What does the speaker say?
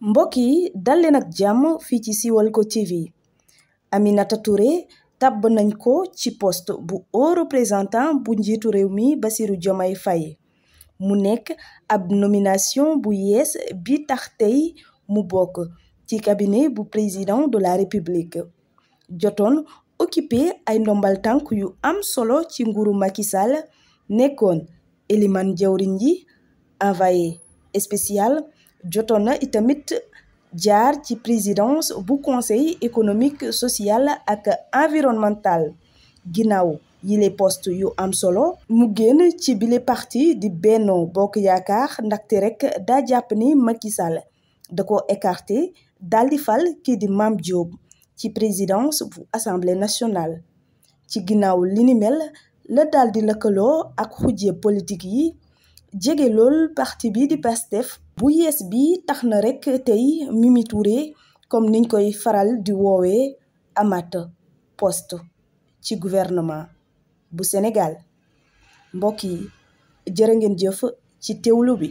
mbokk yi dal leen ak jàmm fii ci Siweul ko TV Aminata Touré tàbb nañ ko ci poste bu haut représentant bu njiitu réew mi Bassirou Diomaye Faye mu nekk ab nomination bu yees bi tax tey mu bokk ci cabinet bu président de la république jotoon occupé ay ndombal tànk yu am solo ci nguuru Macky Sall nekkoon Elimane jawriñ ji envoyé spécial jotona Itamite itamit jaar ci présidence bu conseil économique social ak environnemental ginnaaw yile poste yu am solo mu génn ci parti di Benno Bokk Yaakaar ndaxte rek daa jàpp ni Macky da ko écarté daal fal ki di mam Diop ci présidence bu assemblée nationale ci ginaaw li ni mel la daldi ak xujje politique yi jege lool parti bi di Pastef bu yees bi tax na rekk tey Mimi Touré comme niñ koy faral di woowee amat poste ci gouvernement bu Sénégal mbokk yi jërë ngeen jëf ci teewlu bi